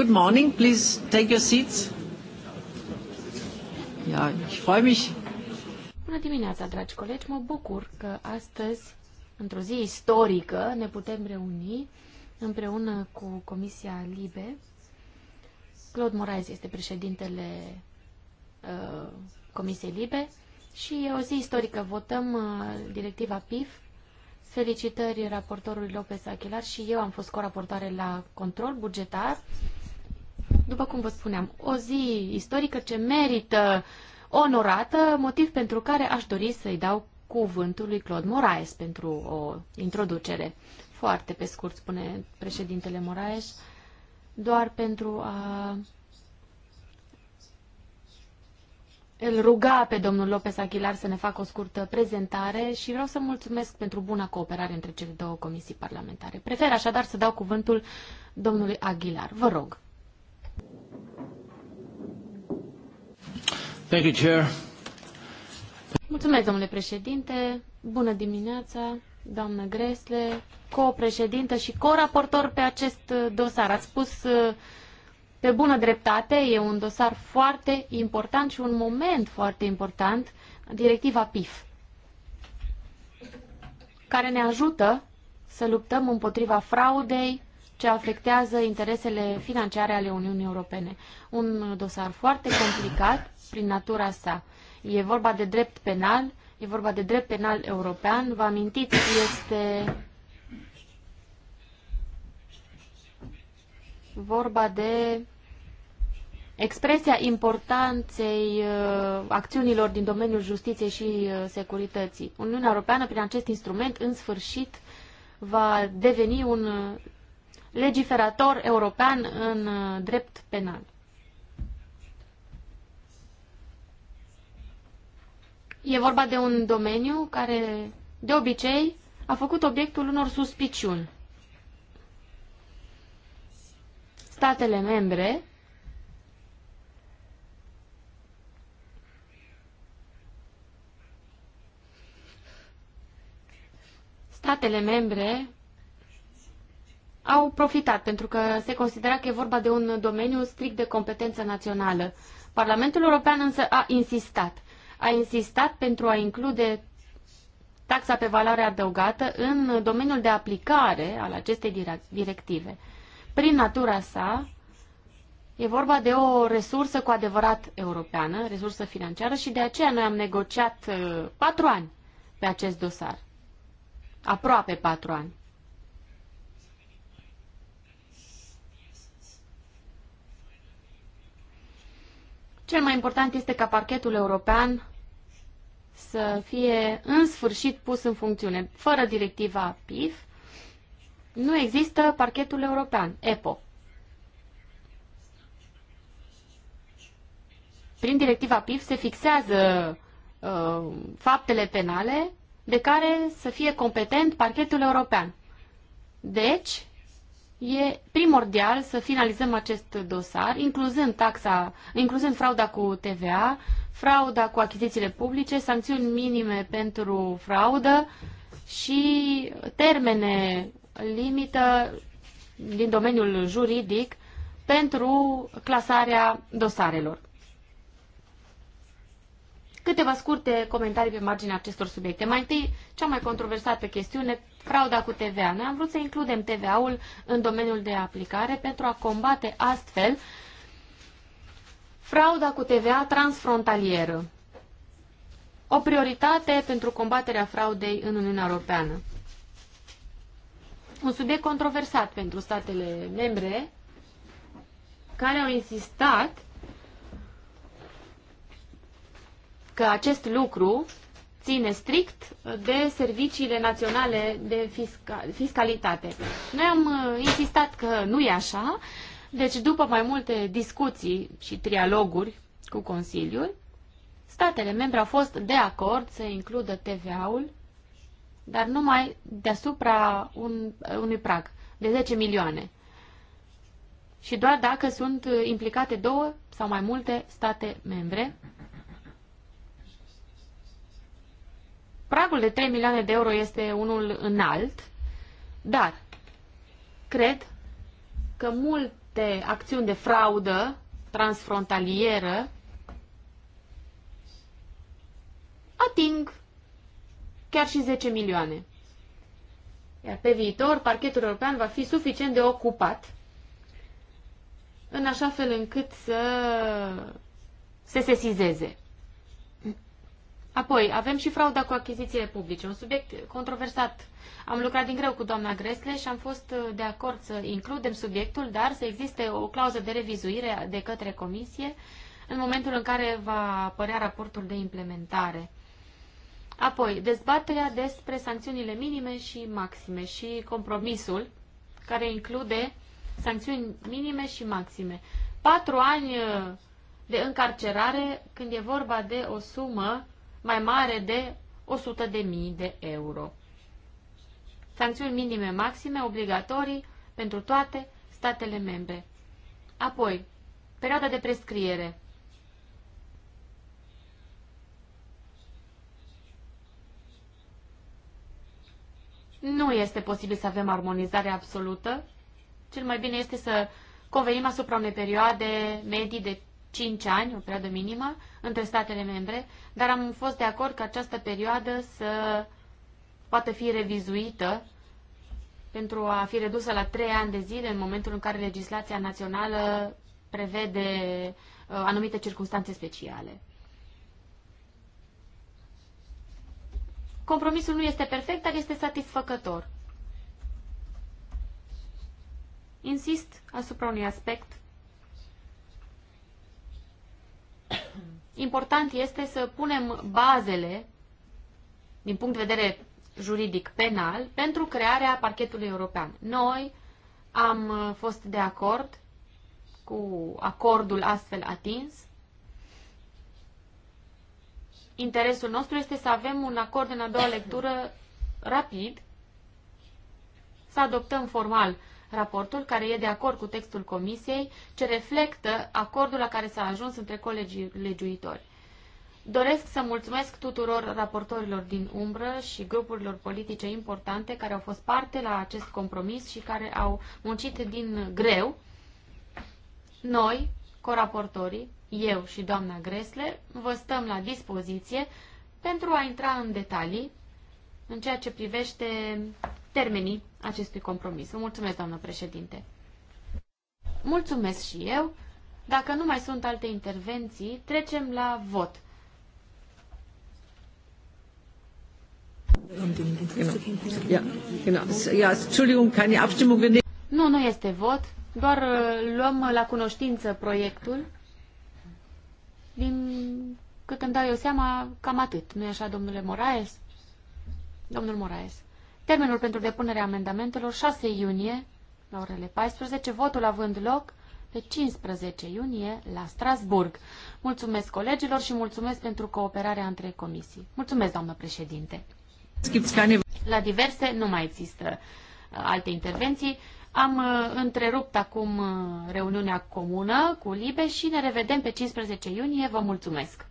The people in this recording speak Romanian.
Good morning, please take your seats. Ja, ich freue mich. Bună dimineața, dragi colegi. Mă bucur că astăzi, într-o zi istorică, ne putem reuni împreună cu Comisia Libe. Claude Moraes este președintele uh, Comisiei Libe și e o zi istorică. Votăm uh, directiva PIF Felicitări raportorului López Aguilar și eu am fost coraportoare la control bugetar după cum vă spuneam, o zi istorică ce merită onorată, motiv pentru care aș dori să-i dau cuvântul lui Claude Moraes pentru o introducere. Foarte pe scurt, spune președintele Moraes, doar pentru a îl ruga pe domnul Lopez Aguilar să ne facă o scurtă prezentare și vreau să mulțumesc pentru buna cooperare între cele două comisii parlamentare. Prefer așadar să dau cuvântul domnului Aguilar. Vă rog. Thank you, Chair. Mulțumesc, domnule președinte. Bună dimineața, doamnă Gresle, co-președintă și co-raportor pe acest uh, dosar. Ați spus uh, pe bună dreptate, e un dosar foarte important și un moment foarte important, directiva PIF, care ne ajută să luptăm împotriva fraudei ce afectează interesele financiare ale Uniunii Europene. Un dosar foarte complicat, prin natura sa. E vorba de drept penal, e vorba de drept penal european. Vă amintiți, este vorba de expresia importanței uh, acțiunilor din domeniul justiției și uh, securității. Uniunea Europeană, prin acest instrument, în sfârșit, va deveni un legiferator european în uh, drept penal. E vorba de un domeniu care, de obicei, a făcut obiectul unor suspiciuni. Statele membre statele membre au profitat pentru că se considera că e vorba de un domeniu strict de competență națională. Parlamentul European însă a insistat a insistat pentru a include taxa pe valoare adăugată în domeniul de aplicare al acestei directive. Prin natura sa, e vorba de o resursă cu adevărat europeană, resursă financiară și de aceea noi am negociat uh, patru ani pe acest dosar. Aproape patru ani. Cel mai important este ca parchetul european să fie în sfârșit pus în funcțiune. Fără directiva PIF, nu există parchetul european, EPO. Prin directiva PIF se fixează uh, faptele penale de care să fie competent parchetul european. Deci, e primordial să finalizăm acest dosar, incluzând taxa, incluzând frauda cu TVA, frauda cu achizițiile publice, sancțiuni minime pentru fraudă și termene limită din domeniul juridic pentru clasarea dosarelor. Câteva scurte comentarii pe marginea acestor subiecte. Mai întâi, cea mai controversată chestiune, frauda cu TVA. Noi am vrut să includem TVA-ul în domeniul de aplicare pentru a combate astfel frauda cu TVA transfrontalieră. O prioritate pentru combaterea fraudei în Uniunea Europeană. Un subiect controversat pentru statele membre care au insistat că acest lucru ține strict de serviciile naționale de fisca fiscalitate. Noi am uh, insistat că nu e așa, deci după mai multe discuții și trialoguri cu Consiliul, statele membre au fost de acord să includă TVA-ul, dar numai deasupra un, unui prag de 10 milioane. Și doar dacă sunt uh, implicate două sau mai multe state membre Pragul de 3 milioane de euro este unul înalt, dar cred că multe acțiuni de fraudă transfrontalieră ating chiar și 10 milioane. Iar pe viitor, parchetul european va fi suficient de ocupat în așa fel încât să se sesizeze. Apoi, avem și frauda cu achizițiile publice, un subiect controversat. Am lucrat din greu cu doamna Gresle și am fost uh, de acord să includem subiectul, dar să existe o clauză de revizuire de către comisie în momentul în care va apărea raportul de implementare. Apoi, dezbaterea despre sancțiunile minime și maxime și compromisul care include sancțiuni minime și maxime. Patru ani uh, de încarcerare când e vorba de o sumă mai mare de 100.000 de euro. Sancțiuni minime maxime obligatorii pentru toate statele membre. Apoi, perioada de prescriere. Nu este posibil să avem armonizare absolută. Cel mai bine este să convenim asupra unei perioade medii de 5 ani, o perioadă minimă, între statele membre, dar am fost de acord că această perioadă să poată fi revizuită pentru a fi redusă la 3 ani de zile în momentul în care legislația națională prevede uh, anumite circunstanțe speciale. Compromisul nu este perfect, dar este satisfăcător. Insist asupra unui aspect important este să punem bazele, din punct de vedere juridic penal, pentru crearea parchetului european. Noi am uh, fost de acord cu acordul astfel atins. Interesul nostru este să avem un acord în a doua lectură rapid, să adoptăm formal raportul, care e de acord cu textul comisiei, ce reflectă acordul la care s-a ajuns între colegii legiuitori. Doresc să mulțumesc tuturor raportorilor din umbră și grupurilor politice importante care au fost parte la acest compromis și care au muncit din greu. Noi, coraportorii, eu și doamna Gresle, vă stăm la dispoziție pentru a intra în detalii în ceea ce privește termenii acestui compromis. Vă mulțumesc, doamnă președinte. Mulțumesc și eu. Dacă nu mai sunt alte intervenții, trecem la vot. Nu, nu este vot, doar uh, luăm la cunoștință proiectul. Din cât îmi dau eu seama, cam atât. nu e așa, domnule Moraes? Domnul Moraes. Termenul pentru depunerea amendamentelor 6 iunie la orele 14, votul având loc pe 15 iunie la Strasburg. Mulțumesc colegilor și mulțumesc pentru cooperarea între comisii. Mulțumesc, doamnă președinte. La diverse nu mai există uh, alte intervenții. Am uh, întrerupt acum uh, reuniunea comună cu Libe și ne revedem pe 15 iunie. Vă mulțumesc!